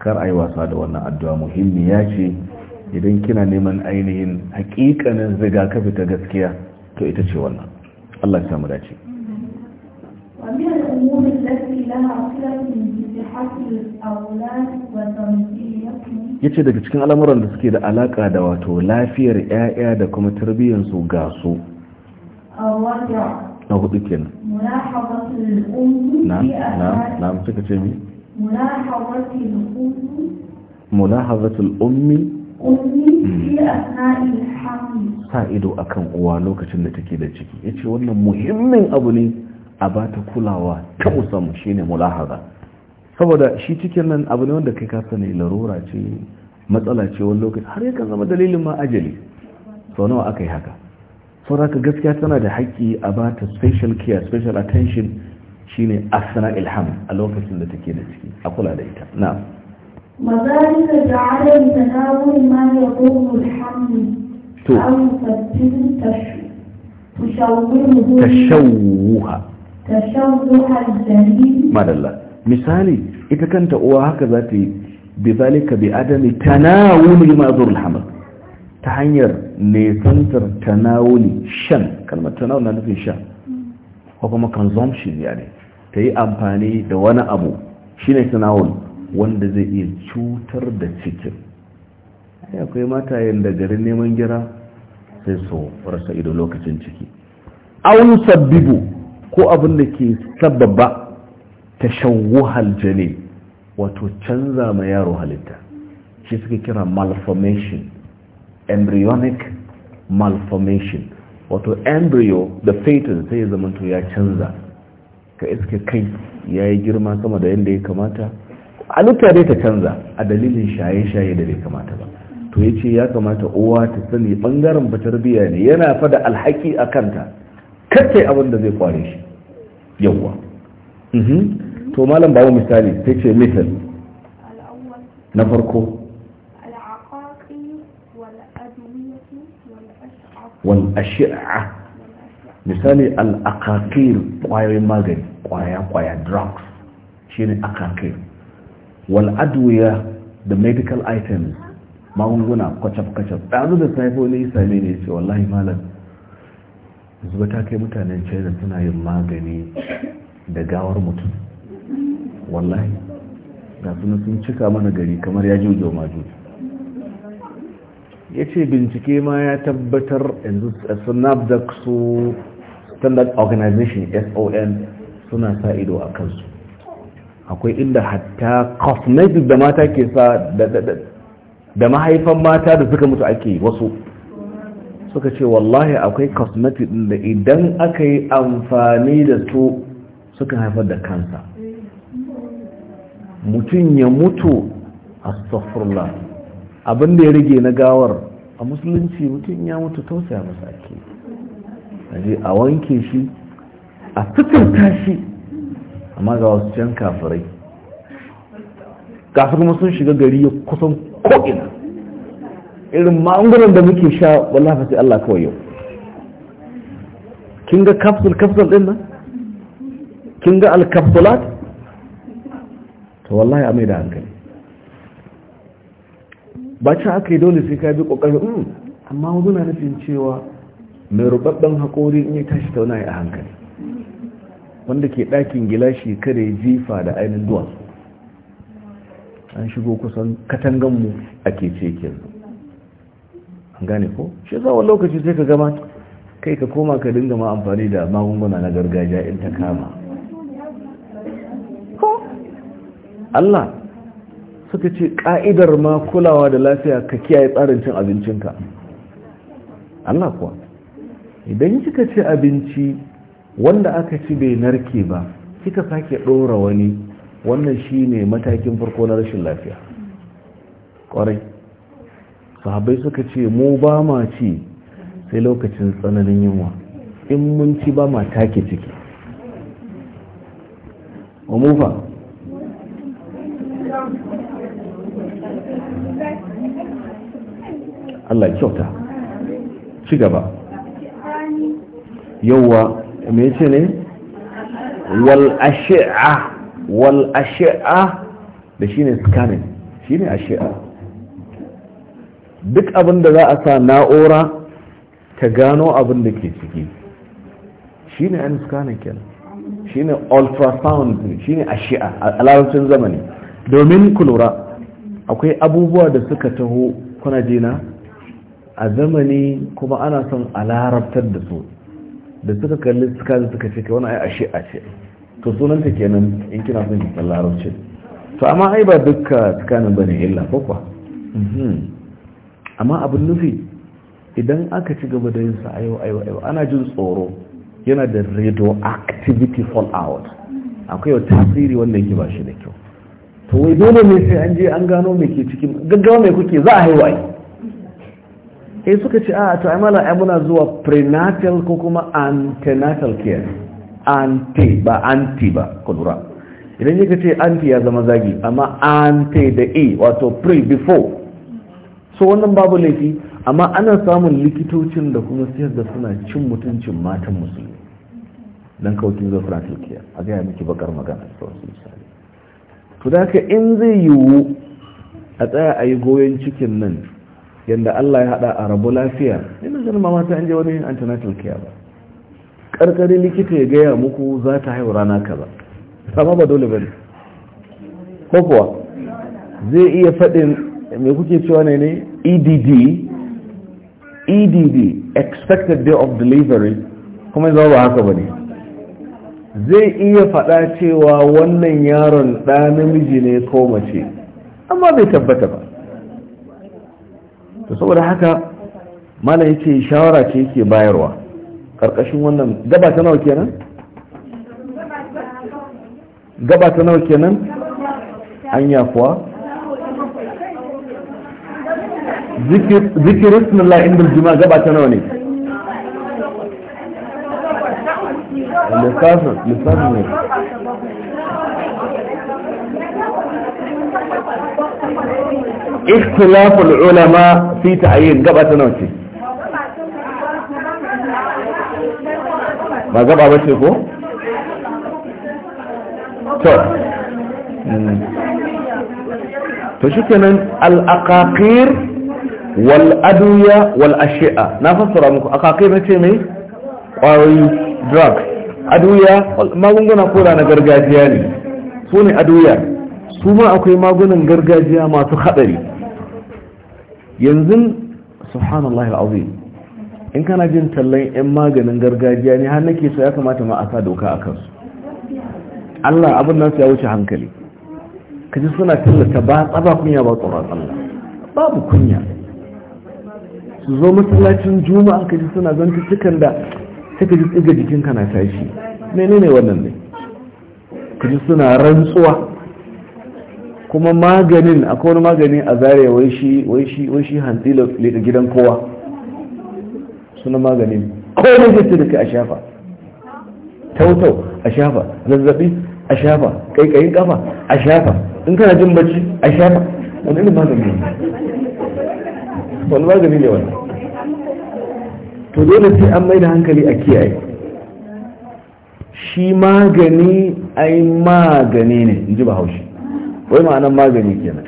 kar a yi wasa da wannan addu'a muhimmiya ce idan kina neman ainihin hakikanin rigakafi ta gaskiya to ita ce wannan Allah ya samu dace. Ya ce daga cikin al'amuran da suke da alaka da wato lafiyar 'ya'ya da kuma tarbiyyarsu ga su na hudu kenan na na na ka ce mi mulahazatul ummi hmm. sa ido a kan uwa lokacin da take da ciki Ya ce wannan muhimmin abu ne a ba ta kulawa ta musamman shine mulahaza saboda shi cikin nan abu ne wanda kai ka sani larura ce matsala ce wani lokaci har yakan zama dalilin ma ajali sau nawa aka yi haka sau da gaskiya tana da haƙƙi a ba ta special care special attention shine asana ilham a lokacin da take da ciki a kula da ita na مذلك جعل تناول ما يقوم الحمل أو تشوه تشوه تشوه الجليل misali ita kanta uwa haka za ta yi bi zalika bi adami tanawuli ma'zurul hamal ta hanyar nesantar tanawuli shan kalmar tanawuli na nufin shan ko kuma consumption ya ne ta yi amfani da wani abu shine tanawul wanda zai iya cutar da cikin ai akwai matayen da garin neman gira sai su rasa ido lokacin ciki aun sabbibu ko abin da ke sababa tashawuhal jani wato canza ma yaro halitta shi suke kira malformation embryonic malformation wato embryo da fetus sai ya zamanto ya canza ka iske kai ya yi girma sama da yadda ya kamata halitta dai ta canza a dalilin shaye-shaye da bai kamata ba to ya ce ya kamata uwa ta sani bangaren batar biya ne yana fada alhaki a kanta kacce abin da zai kware shi yawwa mhm. to malam ba mu misali sai ce misal na farko wal ashi'a misali al aqaqir kwayoyin magani ƙwaya-ƙwaya, drugs shine aqaqir wal adwiya the medical items magunguna kwacaf-kwacaf ɗazu da saifo ne ne ce wallahi malam zuba ta kai mutanen china suna yin magani da gawar mutum wallahi ga sunan sun cika mana gari kamar ya jujo maju ya ce bincike ma ya tabbatar yanzu eh, snapdac su standard organization son suna sa ido a kansu akwai inda hatta cosmetic da mata ke sa da mahaifan mata da suka mutu ake wasu suka ce wallahi akwai cosmetic da idan aka yi amfani da su suka haifar da kansa mutum ya mutu safurla abin da ya rage na gawar a musulunci mutum ya mutu tausaya masa ake aje a wanke shi a fitar shi amma ga wasu can kafirai kafin kuma sun shiga gari ya kusan ko'ina irin ma'anguran da muke sha wallafa sai Allah kawai yau kin ga capsule capsule din nan kin ga alkapsulat to wallahi a mai da hankali ba can aka yi dole sai ka bi ƙoƙarin hmm, amma muna nufin cewa mai rubabben haƙori in ya tashi tauna a hankali wanda ke ɗakin gilashi kare jifa da ainihin duwatsu an shigo kusan katanganmu a ke kenan an gane ko shi za lokaci sai ka gama kai ka koma ka dinga ma amfani da magunguna na gargajiya in ta kama Allah suka ce ka'idar ma kulawa da lafiya ka kiyaye tsarin cin abincinka Allah kuwa idan kika ci abinci wanda aka ci bai narke ba kika sake ɗora wani wannan shi ne matakin farko na rashin lafiya ƙwarai sahabai suka ce mu ba ma ci sai lokacin tsananin yunwa in mun ci ba ma take ciki wa mufa Allah ya kyauta ci gaba yauwa me ce ne wal ashi'a wal ashi'a da shine scanning shine ashi'a duk abin da za a sa na'ura ta gano abin da ke ciki shine an scanning kenan shine ultrasound shine ashi'a a larabcin zamani domin ku akwai abubuwa da suka taho kuna jina a zamani kuma ana son a larabtar da su da suka kalli suka da suka cika wani ashe ashe a ce to kenan in kina son ki san larabci to amma ai ba dukka tsakanin bane illa ko kwa mhm. amma abin nufi idan aka ci gaba da yin sa ayo ayo ayo ana jin tsoro yana da radioactivity fallout akwai tasiri wanda yake ba shi da kyau to wai dole ne sai an je an gano mai ke cikin gaggawa mai kuke za a haihuwa yi eh suka ce a ah, to ai mala ai muna zuwa prenatal ko kuma antenatal care ante ba anti ba ku lura idan yake ce anti ya zama zagi amma ante da e wato pre before so wannan babu laifi amma ana samun likitocin da kuma siyar da suna cin mutuncin matan musulmi dan kawo kin zo prenatal care a ga miki bakar magana to misali to da haka in zai yiwu a tsaya a yi goyon cikin nan yadda Allah ya haɗa a rabu lafiya ina ganin ma mata an je wani antenatal care ba likita ya gaya muku za ta haihu rana kaza amma ba dole ne ko kuwa zai iya faɗin me kuke cewa ne ne EDD EDD expected day of delivery kuma zama ba haka ba ne. zai iya faɗa cewa wannan yaron ɗa namiji ne ko mace amma bai tabbata ba to saboda haka ya yake shawara ce yake bayarwa ƙarƙashin wannan gaba ta nawa kenan gaba ta nawa kenan anya kuwa zikirin na la'indar jima'a gaba ta nawa ne اختلاف العلماء في تعيين قبعة نوتي ما قبعة بشيكو طب فشكنا الأقاقير والأدوية والأشياء نفسر أقاقير ما تيمي قوي دراكس aduya magunguna koda na gargajiya ne su ne aduya su ma akwai magunan gargajiya masu haɗari yanzu subhanallah al'azim in kana jin tallan 'yan maganin gargajiya ne har nake so ya kamata ma a sa doka a kansu Allah abin nasu ya wuce hankali kaji suna tallata ba tsaba kunya ba tsoron Allah babu kunya su zo masallacin juma'a kaji suna zanta cikin da sai ka ji tsiga jikinka na tashi menene wannan ne ka ji suna rantsuwa kuma maganin akwai wani magani a zare wai shi wai shi hantsi da gidan kowa suna maganin komai zai da kai a shafa tautau a shafa zazzabi a shafa kaikayin kafa a shafa in kana jin bacci a shafa wani ne magani ne wani magani ne wannan to dole sai an mai da hankali a kiyaye shi magani ai magani ne in ji bahaushe wai ma'anar magani kenan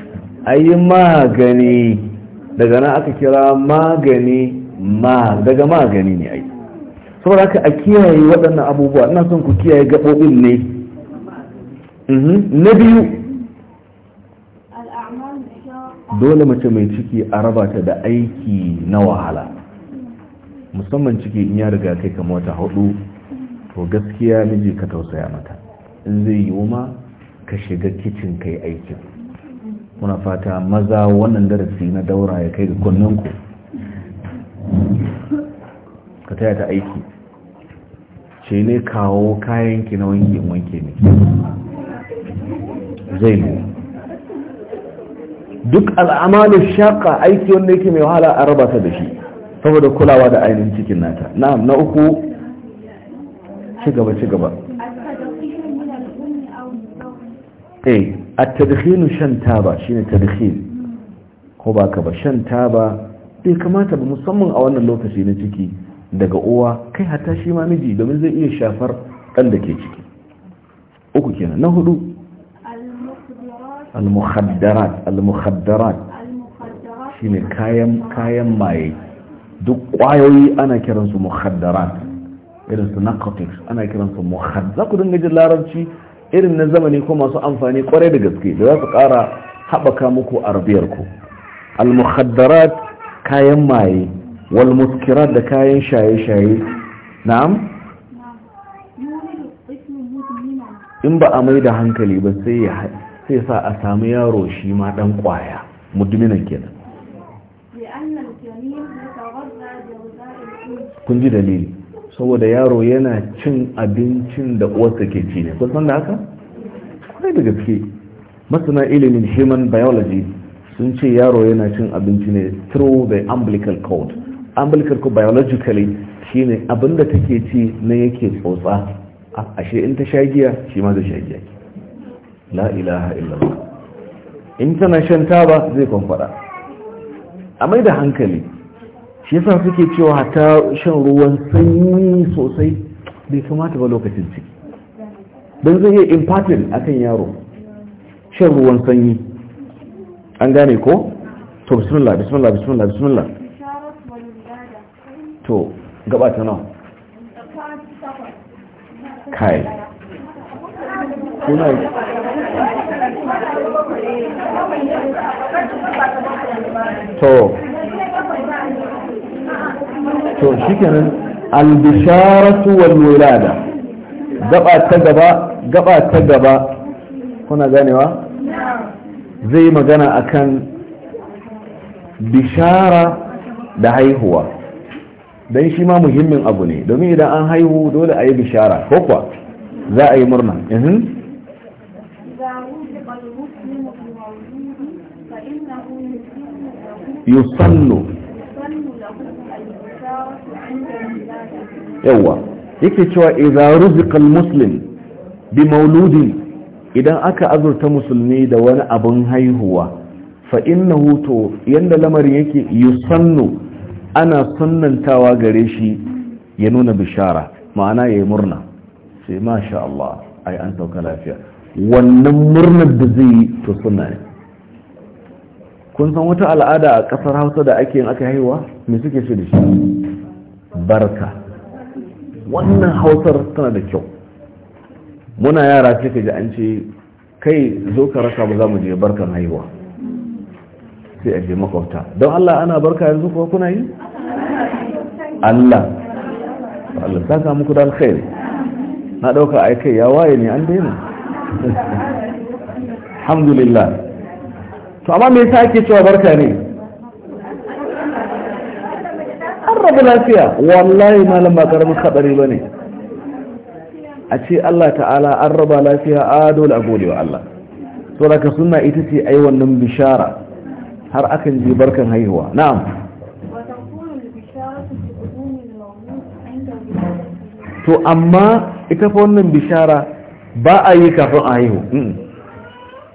ayi magani daga nan aka kira magani ma daga magani ne ai saboda haka a kiyaye waɗannan abubuwa ina son ku kiyaye gaɓoɓin ne mhm. na biyu dole mace mai ciki a raba ta da aiki na wahala musamman ciki in ya riga kai kamar wata hudu to gaskiya miji ka tausaya mata in zai yi ma ka shiga kicin kai aiki aikin muna fata maza wannan darasi na daura ya kai ga kunnen ku. ka taya ta aiki ce ne kawo ki na wanke wanke ne zai ne duk al'amalin shaka aiki wanda yake mai wahala a raba ta da shi saboda kulawa da ainihin cikin nata na na uku ci gaba ci gaba eh shan taba shine tadkhin ko ba ka ba shan taba bai kamata ba musamman a wannan lokaci na ciki daga uwa kai hatta shi ma miji domin zai iya shafar dan da ke ciki uku kenan na hudu al-mukhaddarat al-mukhaddarat shine kayan kayan maye duk kwayoyi ana kiransu muhaddarat irin su narcotics ana kiransu muhad za ku dinga jin larabci irin na zamani ko masu amfani kwarai da gaske da za su ƙara haɓaka muku arbiyar ku al-muhaddarat kayan maye wal muskirat da kayan shaye-shaye na'am in ba a mai da hankali ba sai sa a samu yaro shi ma dan kwaya muduminan kenan kun ji dalili saboda yaro yana cin abincin da uwarsa ke ci ne kun san da haka kwarai da gaske masana ilimin human biology sun ce yaro yana cin abinci ne through the umbilical cord umbilical cord biologically shine abinda take ci na yake tsotsa ashe in ta sha giya shi ma zai sha giya la ilaha illallah in tana shan taba zai kwamfada a mai da hankali shi yasa suke cewa ta shan ruwan sanyi sosai bai kamata ba lokacin ciki don zai yi a kan yaro shan ruwan sanyi an gane ko to bismillah bismillah bismillah bismillah to gaba ta nawa kai kuna to to shikenan albisharatu wal wilada gaba ta gaba gaba ta gaba kuna ganewa zai magana akan bishara da haihuwa don shi ma muhimmin abu ne domin idan an haihu dole a yi bishara ko kuwa za a yi murna mhm. yusannu yawa yake cewa idza ruziqa almuslim bi mauludin idan aka azurta musulmi da wani abin haihuwa fa innahu to yanda lamarin yake yusannu ana sunnantawa gare shi ya nuna bishara ma'ana yayi murna sai masha Allah ai an sauka lafiya wannan murnar da zai yi to sunna ne kun san wata al'ada a kasar Hausa da ake yin aka haihuwa me suke shi da shi barka wannan hausar tana da kyau muna yara ce ka ji an ce kai zo ka raka ba za mu je barkan haihuwa sai a je makwabta don Allah ana barka yanzu kuwa kuna yi? Allah Allah ta samu ku da alkhairi na ɗauka aikai ya waye ne an daina alhamdulillah to amma me yasa ake cewa barka ne babu lafiya wallahi malam ba karamin hadari bane a ce Allah ta'ala an raba lafiya a dole a gode wa Allah saboda ka ita ce yi wannan bishara har akan ji barkan haihuwa na'am to amma ita fa wannan bishara ba a yi kafin a haihu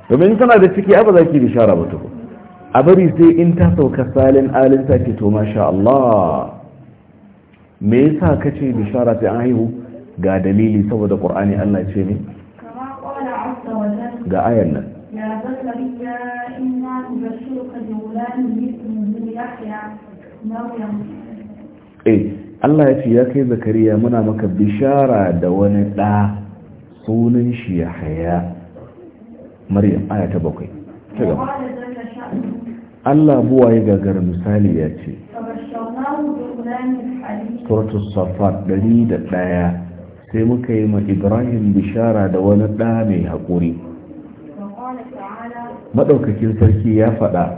domin tana da ciki abu za ki bishara ba tuku a bari sai in ta sauka salin alinta ke to masha Allah me yasa kace bishara ta haihu ga dalili saboda qur'ani Allah ce ne ga ayan nan eh Allah ya ce ya kai zakariya muna maka bishara da wani ɗa sunan shi ya haya maryam aya ta bakwai ta gaba Allah buwaye gagara misali ya ce suratul safat ɗari da ɗaya sai muka yi ma ibrahim bishara da wani ɗa mai haƙuri maɗaukakin sarki ya faɗa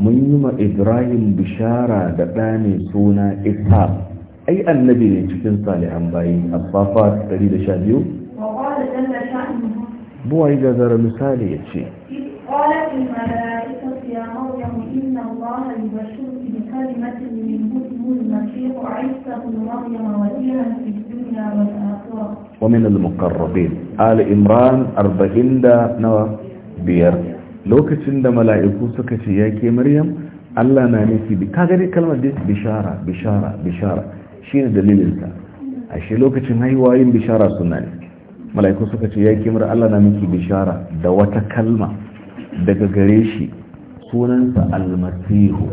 mun yi ma ibrahim bishara da ɗa mai suna ishaq ai annabi ne cikin salihan bayi a safat 112 buwa yi gazara misali ya ce الله البشوش بكلمة منه اسمه المسيح عيسى بن مريم وجيها في الدنيا والآخرة ومن المقربين آل إمران أربعين دا نوى بير لوكتين دا ملائكو سكتي ياكي مريم Allah na nufi bi ka gani kalmar da bishara bishara bishara shine dalilin ta ashe lokacin haihuwa yin bishara sunna ne mala'iku suka ce ya ke Maryam Allah na miki bishara da wata kalma daga gare shi sunansa almasihu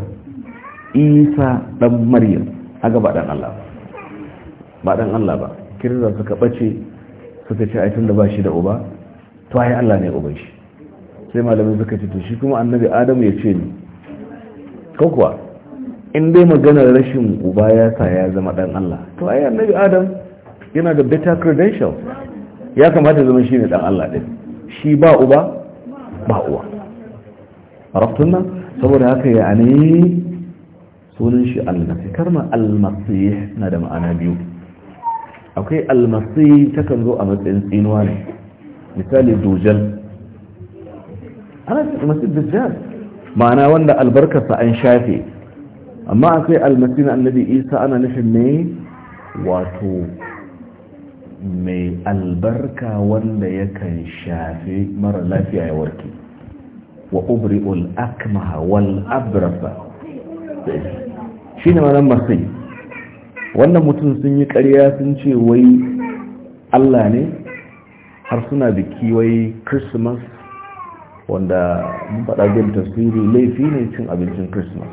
isa dan maryam aga ba dan Allah ba dan Allah ba kirza suka bace suka ce ai da ba shi da uba to ai Allah ne uban shi sai malamin suka ce to shi kuma annabi adamu ya ce ni ko kuwa in dai maganar rashin uba ya sa ya zama dan Allah to ai annabi adam yana da better credentials ya kamata zama shi ne dan Allah din shi ba uba ba uwa arabtun saboda haka ya ne sunan shi almasi karma almasi na da ma'ana biyu akwai almasi takan zo a matsayin tsinuwa ne misali dujal ana ce almasi dujal ma'ana wanda albarkarsa an shafe amma akwai almasi na annabi isa ana nufin ne, wato mai albarka wanda yakan shafe mara lafiya ya warke wa ubri'ul akmaha wal Shi shine nan masai wannan mutum sun yi ƙarya sun ce wai Allah ne har suna biki wai christmas wanda mun faɗa bin tasiri laifi ne cin abincin christmas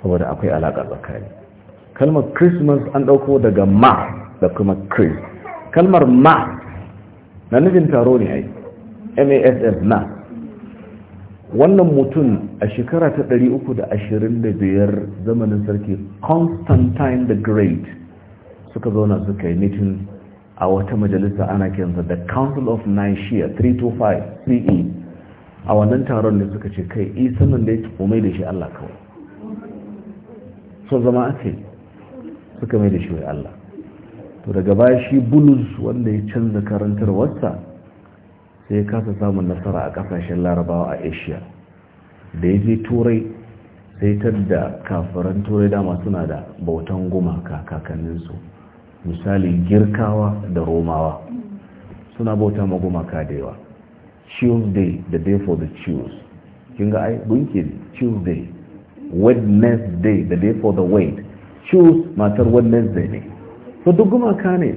saboda akwai alaƙa tsakani kalmar christmas an ɗauko daga ma da kuma chris kalmar ma na nufin taro ne ai mass na wannan mutum a shekara ta ɗari da da 325 zamanin sarki constantine the great suka zauna suka yi mitin a wata majalisa ana kiransa the council of nicaea 325 ce a wannan taron ne suka ce kai isa eh, nan dai umai da shi allah kawai so zama ake suka mai da shi wai allah to daga baya shi bulus wanda ya canza karantar wasa sai ya kasa samun nasara a kasashen larabawa a asia da ya je turai sai ta da kafaran turai dama suna da bautan gumaka kakanninsu misali girkawa da romawa suna bauta ma gumaka da yawa tuesday the day for the chews kin ga ai gunki tuesday wednesday the day for the wait chews matar wednesday ne so duk gumaka ne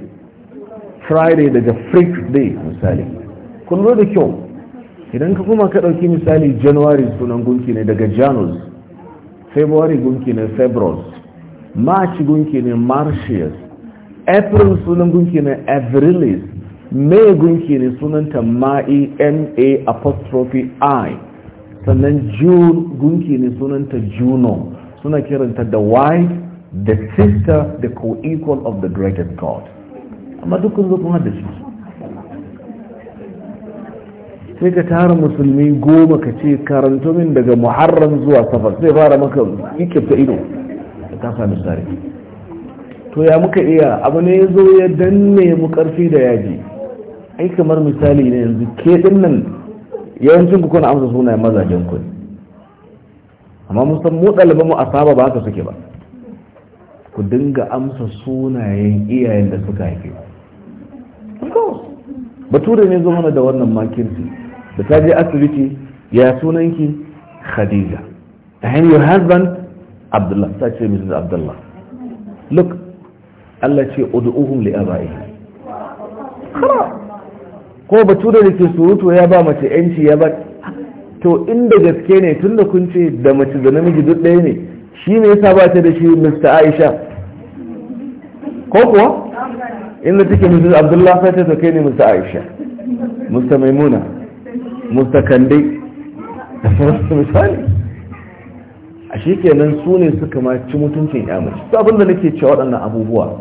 friday daga freak day misali kun da kyau idan ka kuma ka ɗauki misali january sunan gunki ne daga janus february gunki ne febros march gunki ne martius april sunan gunki ne avrilis may gunki ne sunanta ma'i ma apostrophe i sannan june gunki ne sunanta juno suna kiranta da wife the sister the co-equal of the greatest god amma dukkan zo da shi sai ka tara musulmi goma ka ce karanto min daga muharram zuwa safar sai fara maka ikifta ido ta sami tsari. to ya muka iya abu ne ya zo ya danne mu karfi da yaji ai kamar misali ne yanzu ke nan yawancin ku kuna amsa sunayen mazajen ku amma musan mu ɗaliban mu asaba ba haka suke ba ku dinga amsa sunayen iyayen da suka haife bature ne zo mana da wannan makirci da ta je asibiti ya sunanki khadija and your husband abdullah ta ce mrs abdullah look Allah ce ud'uhum li abaihi ko bature da ke surutu ya ba mace yanci ya ba to inda gaske ne tunda kun ce da mace da namiji duk ɗaya ne shi ne yasa ba ta da shi Mr. Aisha ko kuwa inda take Mrs. Abdullah sai ta kai ne Mr. Aisha Mr. Maimuna mustakandai da sauransu misali a shi kenan su ne suka ma ci mutuncin yamaci su abinda nake cewa waɗannan abubuwa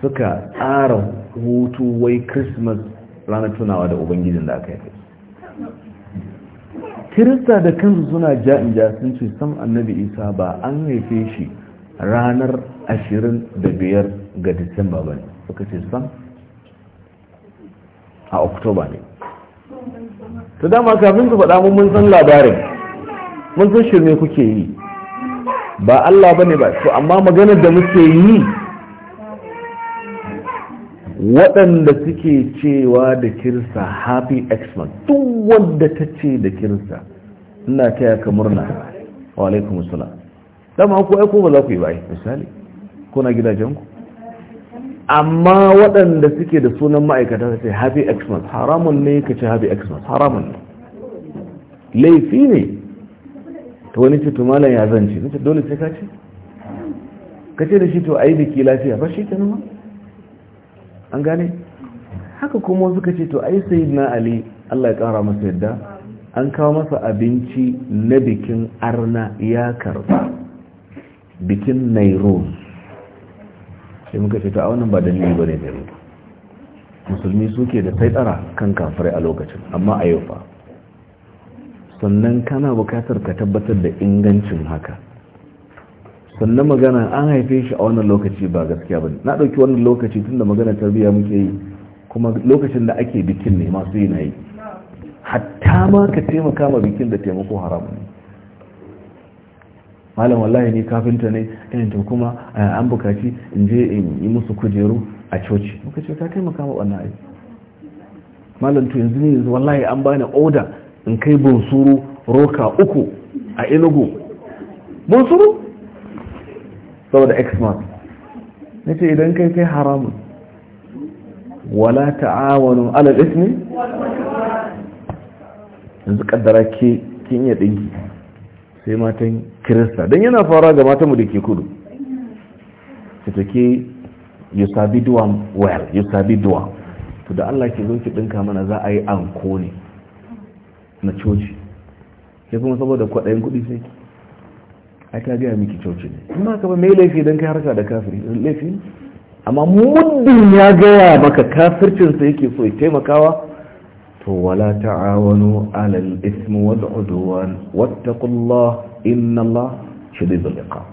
suka tsara hutu wai christmas ranar tunawa da ubangijin da aka yi kirista da kansu suna ja sun ce sam annabi isa ba an haife shi ranar 25 ga disamba ba ne suka ce sam a oktoba ne to dama kafin ku faɗa mun san labarin mun san shirme kuke yi ba Allah bane ba to amma maganar da muke yi waɗanda suke cewa da kirsa happy xmas duk wanda ta ce da kirsa ina taya ka murna wa alaikumussalam dama ku aiko ba za ku yi ba misali kuna gidajenku amma waɗanda suke da sunan ma'aikata ce happy xmas haramun ne ka ce happy xmas haramun ne laifi ne ta wani ce tumalan ya zance na ce dole sai ka ce ka ce da shi to a yi biki lafiya ba shi kenan ma an gane haka kuma wasu ka ce to ai sai na ali allah ya kara masa yadda an kawo masa abinci na bikin arna ya karba bikin nairobi sai muka ce to a wannan ba dalili ne ba, musulmi suke da tsara kan kafirai a lokacin amma a yau fa sannan kana bukatar ka tabbatar da ingancin haka sannan magana an haife shi a wannan lokaci ba gaskiya ba na ɗauki wannan lokaci tun da magana tarbiyya muke yi kuma lokacin da ake bikin ne masu yi na yi hatta ma ka taimaka ma bikin da taimako haramu. ne malam wallahi ni kafinta ne irin eh, to kuma eh, an bukaci in je in yi musu kujeru a coci muka ce ka kai ma wannan aiki malam to yanzu ne yanzu wallahi an bani order in kai bonsuru roka uku a inugu bunsuru saboda x-mark na ce idan kai kai haramun wala ta'awanu ala ismi yanzu kaddara ke kin ya dinki sai matan kirista don yana fara ga matanmu da ke kudu su take you sabi duwa well you sabi duwa to da allah ke zo ki ɗinka mana za a yi anko ne na coci sai kuma saboda kwaɗayin kuɗi sai ai ta gaya miki coci ne amma ka ba mai laifi don kai harka da kafiri laifi amma muddin ya gaya maka kafircinsa yake so ya taimakawa to wala ta'awanu alal ismu wal udwan wattaqullah inna Allah shadidul iqab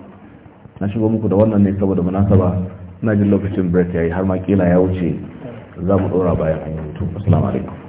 na shigo muku da wannan ne saboda munasaba na jin lokacin break yayi har ma kila ya wuce za mu dora bayan an yi assalamu alaikum